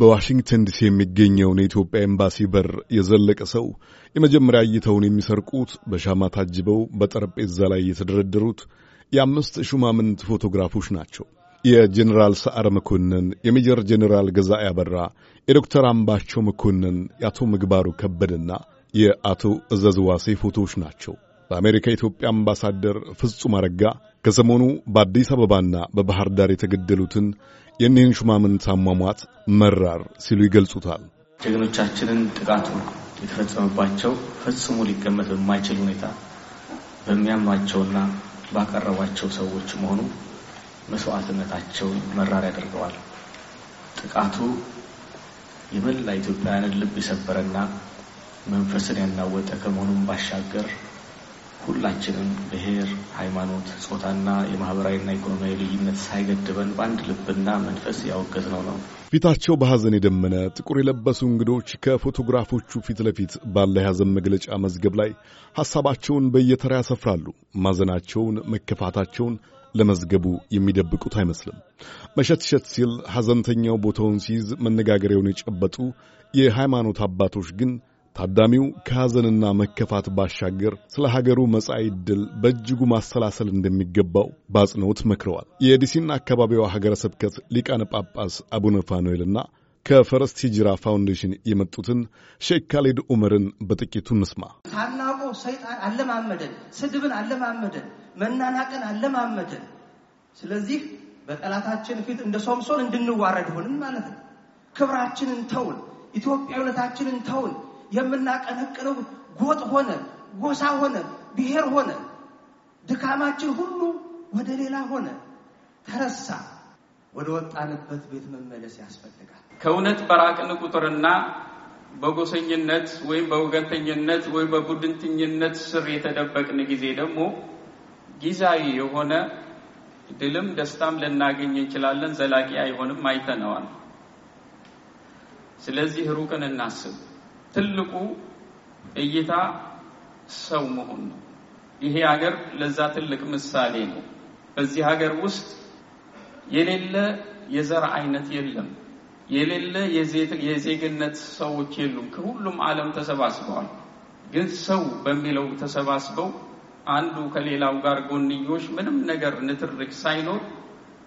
በዋሽንግተን ዲሲ የሚገኘውን የኢትዮጵያ ኤምባሲ በር የዘለቀ ሰው የመጀመሪያ እይታውን የሚሰርቁት በሻማ ታጅበው በጠረጴዛ ላይ የተደረደሩት የአምስት ሹማምንት ፎቶግራፎች ናቸው። የጀኔራል ሰዓረ መኮንን፣ የሜጀር ጀኔራል ገዛ ያበራ፣ የዶክተር አምባቸው መኮንን፣ የአቶ ምግባሩ ከበደና የአቶ እዘዝዋሴ ፎቶዎች ናቸው። በአሜሪካ የኢትዮጵያ አምባሳደር ፍጹም አረጋ ከሰሞኑ በአዲስ አበባና በባህር ዳር የተገደሉትን የእኒህን ሹማምንት አሟሟት መራር ሲሉ ይገልጹታል። ጀግኖቻችንን ጥቃቱ የተፈጸመባቸው ፈጽሞ ሊገመት በማይችል ሁኔታ በሚያምኗቸውና ባቀረቧቸው ሰዎች መሆኑ መስዋዕትነታቸውን መራር ያደርገዋል። ጥቃቱ የመላ ኢትዮጵያውያንን ልብ የሰበረና መንፈስን ያናወጠ ከመሆኑም ባሻገር ሁላችንም ብሔር፣ ሃይማኖት፣ ጾታና የማህበራዊና ኢኮኖሚያዊ ልዩነት ሳይገድበን በአንድ ልብና መንፈስ ያወገዝነው ነው። ፊታቸው በሐዘን የደመነ ጥቁር የለበሱ እንግዶች ከፎቶግራፎቹ ፊት ለፊት ባለ የሐዘን መግለጫ መዝገብ ላይ ሐሳባቸውን በየተራ ያሰፍራሉ። ማዘናቸውን፣ መከፋታቸውን ለመዝገቡ የሚደብቁት አይመስልም። መሸትሸት ሲል ሐዘንተኛው ቦታውን ሲይዝ መነጋገሪያውን የጨበጡ የሃይማኖት አባቶች ግን ታዳሚው ከሐዘንና መከፋት ባሻገር ስለ ሀገሩ መጻኢ ዕድል በእጅጉ ማሰላሰል እንደሚገባው በአጽንኦት መክረዋል። የዲሲና አካባቢዋ ሀገረ ስብከት ሊቃነ ጳጳስ አቡነ ፋኑኤልና ከፈረስት ሂጅራ ፋውንዴሽን የመጡትን ሼክ ካሌድ ዑመርን በጥቂቱ እንስማ። ታላቁ ሰይጣን አለማመደን፣ ስድብን አለማመደን፣ መናናቅን አለማመደን። ስለዚህ በጠላታችን ፊት እንደ ሶምሶን እንድንዋረድ ሆንን ማለት ነው። ክብራችንን ተውን፣ ኢትዮጵያዊነታችንን ተውን የምናቀነቅነው ጎጥ ሆነ፣ ጎሳ ሆነ፣ ብሔር ሆነ፣ ድካማችን ሁሉ ወደ ሌላ ሆነ፣ ተረሳ። ወደ ወጣንበት ቤት መመለስ ያስፈልጋል። ከእውነት በራቅን ቁጥርና በጎሰኝነት ወይም በወገንተኝነት ወይም በቡድንተኝነት ስር የተደበቅን ጊዜ ደግሞ ጊዜያዊ የሆነ ድልም ደስታም ልናገኝ እንችላለን። ዘላቂ አይሆንም፣ አይተነዋል። ስለዚህ ሩቅን እናስብ። ትልቁ እይታ ሰው መሆን ነው። ይሄ ሀገር ለዛ ትልቅ ምሳሌ ነው። በዚህ ሀገር ውስጥ የሌለ የዘር አይነት የለም። የሌለ የዜግነት ሰዎች የሉም። ከሁሉም ዓለም ተሰባስበዋል። ግን ሰው በሚለው ተሰባስበው አንዱ ከሌላው ጋር ጎንዮሽ ምንም ነገር ንትርክ ሳይኖር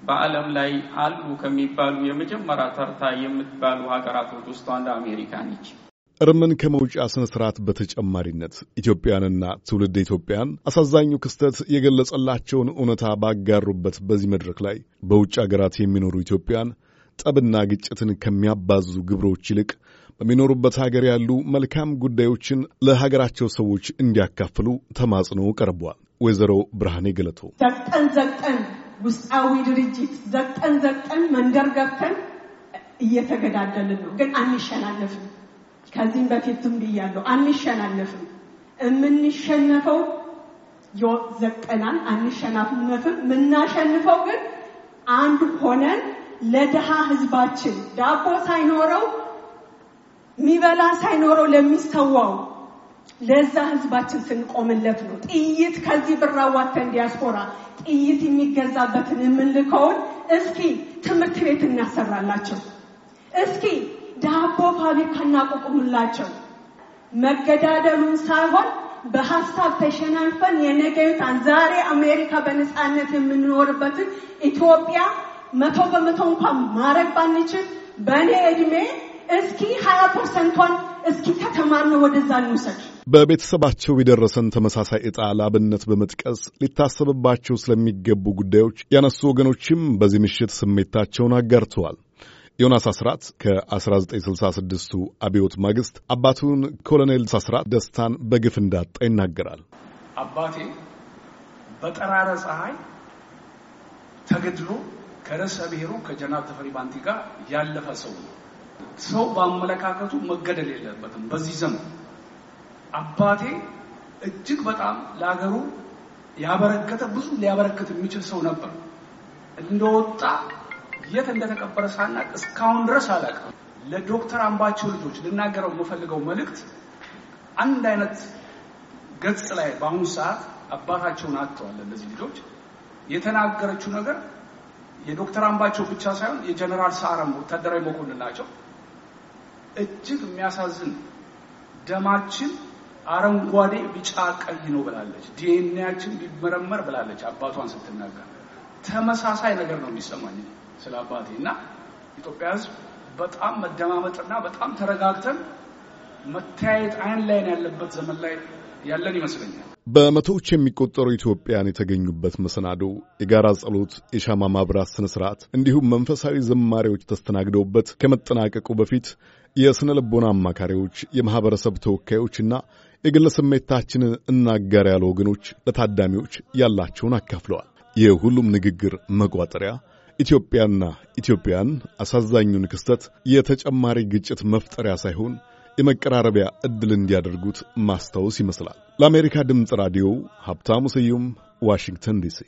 በዓለም ላይ አሉ ከሚባሉ የመጀመሪያ ተርታ የምትባሉ ሀገራቶች ውስጥ አንዱ አሜሪካ ነች። እርምን ከመውጫ ስነ ስርዓት በተጨማሪነት ኢትዮጵያንና ትውልድ ኢትዮጵያን አሳዛኙ ክስተት የገለጸላቸውን እውነታ ባጋሩበት በዚህ መድረክ ላይ በውጭ አገራት የሚኖሩ ኢትዮጵያን ጠብና ግጭትን ከሚያባዙ ግብሮች ይልቅ በሚኖሩበት ሀገር ያሉ መልካም ጉዳዮችን ለሀገራቸው ሰዎች እንዲያካፍሉ ተማጽኖ ቀርቧል። ወይዘሮ ብርሃኔ ገለቶ ዘቅጠን ዘቅጠን ውስጣዊ ድርጅት ዘቅጠን ዘቅጠን መንደር ገብተን እየተገዳደልን ነው፣ ግን አንሸናለፍም። ከዚህም በፊትም ብያለሁ፣ አንሸናነፍም። የምንሸነፈው ዘቀናን አንሸናፍነትም። የምናሸንፈው ግን አንድ ሆነን ለድሃ ህዝባችን ዳቦ ሳይኖረው የሚበላ ሳይኖረው ለሚሰዋው ለዛ ህዝባችን ስንቆምለት ነው። ጥይት ከዚህ ብራዋተን ዲያስፖራ ጥይት የሚገዛበትን የምንልከውን እስኪ ትምህርት ቤት እናሰራላቸው። እስኪ ዳቦ ፋብሪካ እናቋቁምላቸው። መገዳደሉን ሳይሆን በሀሳብ ተሸናንፈን የነገዩታን ዛሬ አሜሪካ በነፃነት የምንኖርበትን ኢትዮጵያ መቶ በመቶ እንኳን ማድረግ ባንችል በእኔ እድሜ እስኪ ሀያ ፐርሰንቷን እስኪ ከተማርነ ወደዛ እንውሰድ። በቤተሰባቸው የደረሰን ተመሳሳይ ዕጣ ላብነት በመጥቀስ ሊታሰብባቸው ስለሚገቡ ጉዳዮች ያነሱ ወገኖችም በዚህ ምሽት ስሜታቸውን አጋርተዋል። ዮናስ አስራት ከ1966ቱ አብዮት ማግስት አባቱን ኮሎኔል አስራት ደስታን በግፍ እንዳጣ ይናገራል። አባቴ በጠራራ ፀሐይ ተገድሎ ከርዕሰ ብሔሩ ከጀነራል ተፈሪ ባንቲ ጋር ያለፈ ሰው ነው። ሰው በአመለካከቱ መገደል የለበትም። በዚህ ዘመን አባቴ እጅግ በጣም ለሀገሩ ያበረከተ ብዙ ሊያበረከት የሚችል ሰው ነበር። እንደወጣ የት እንደተቀበረ ሳናቅ እስካሁን ድረስ አላውቅም። ለዶክተር አምባቸው ልጆች ልናገረው የምፈልገው መልእክት አንድ አይነት ገጽ ላይ በአሁኑ ሰዓት አባታቸውን አጥተዋል። እነዚህ ልጆች የተናገረችው ነገር የዶክተር አምባቸው ብቻ ሳይሆን የጀነራል ሳረም ወታደራዊ መኮንን ናቸው። እጅግ የሚያሳዝን ደማችን አረንጓዴ፣ ቢጫ፣ ቀይ ነው ብላለች። ዲኤንኤያችን ቢመረመር ብላለች አባቷን ስትናገር። ተመሳሳይ ነገር ነው የሚሰማኝ። ስለ አባቴ እና ኢትዮጵያ ህዝብ በጣም መደማመጥና በጣም ተረጋግተን መተያየት አይን ላይን ያለበት ዘመን ላይ ያለን ይመስለኛል። በመቶዎች የሚቆጠሩ ኢትዮጵያን የተገኙበት መሰናዶ፣ የጋራ ጸሎት፣ የሻማ ማብራት ስነ ስርዓት እንዲሁም መንፈሳዊ ዘማሪዎች ተስተናግደውበት ከመጠናቀቁ በፊት የሥነ ልቦና አማካሪዎች፣ የማኅበረሰብ ተወካዮችና የግለ ስሜታችንን እናጋር ያሉ ወገኖች ለታዳሚዎች ያላቸውን አካፍለዋል። የሁሉም ንግግር መቋጠሪያ ኢትዮጵያና ኢትዮጵያን አሳዛኙን ክስተት የተጨማሪ ግጭት መፍጠሪያ ሳይሆን የመቀራረቢያ ዕድል እንዲያደርጉት ማስታወስ ይመስላል። ለአሜሪካ ድምፅ ራዲዮ ሀብታሙ ስዩም ዋሽንግተን ዲሲ